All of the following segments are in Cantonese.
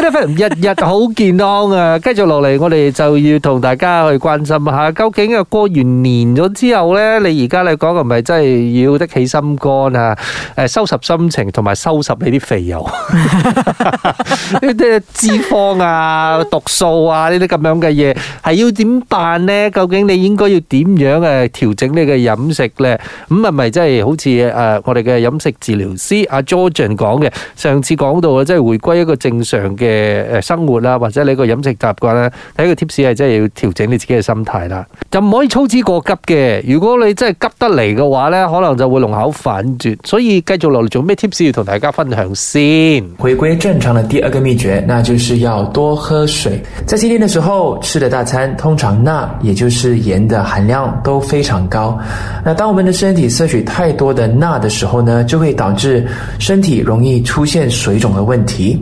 啲 friend 日日好健康啊！繼續落嚟，我哋就要同大家去關心下，究竟啊過完年咗之後咧，你而家嚟講係咪真係要得起心肝啊？誒，收拾心情同埋收拾你啲肥油、呢啲脂肪啊、毒素啊呢啲咁樣嘅嘢，係要點辦咧？究竟你應該要點樣誒調整你嘅飲食咧？咁係咪真係好似誒我哋嘅飲食治療師阿 Georgen 講嘅？上次講到啊，即係回歸一個正常嘅。嘅誒生活啦，或者你個飲食習慣咧，第一個 tips 係真係要調整你自己嘅心態啦，就唔可以操之過急嘅。如果你真係急得嚟嘅話咧，可能就會弄巧反拙。所以繼續落嚟做咩 tips 要同大家分享先。回歸正常的第二個秘訣，那就是要多喝水。在新年嘅時候，吃嘅大餐通常鈉，也就是鹽嘅含量都非常高。那當我們的身體攝取太多的鈉嘅時候呢，就會導致身體容易出現水腫嘅問題。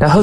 那喝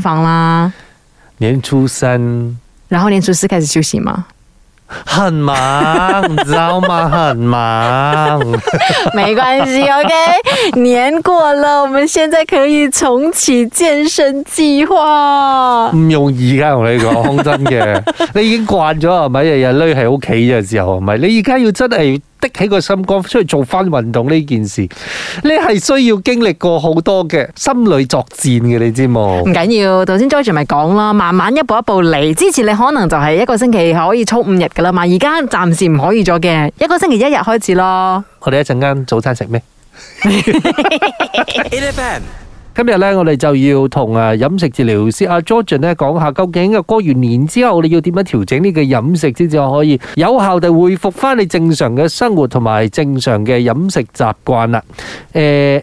房啦，年初三，然後年初四開始休息嗎？很忙，你知道嗎？很忙， 沒關係，OK。年過了，我們現在可以重啟健身計劃。唔容易噶，同你講真嘅，你已經慣咗係咪日日匿喺屋企嘅時候，係咪你而家要真係。的起個心肝，出去做翻運動呢件事，你係需要經歷過好多嘅心理作戰嘅，你知冇？唔緊要，頭先 Georgen 咪講咯，慢慢一步一步嚟。之前你可能就係一個星期可以操五日噶啦嘛，而家暫時唔可以咗嘅，一個星期一日開始咯。我哋一陣間早餐食咩？ 今日咧，我哋就要同啊飲食治療師阿 Georgen 咧講下，究竟啊過完年之後，你要點樣調整呢個飲食先至可以有效地恢復返你正常嘅生活同埋正常嘅飲食習慣啦，欸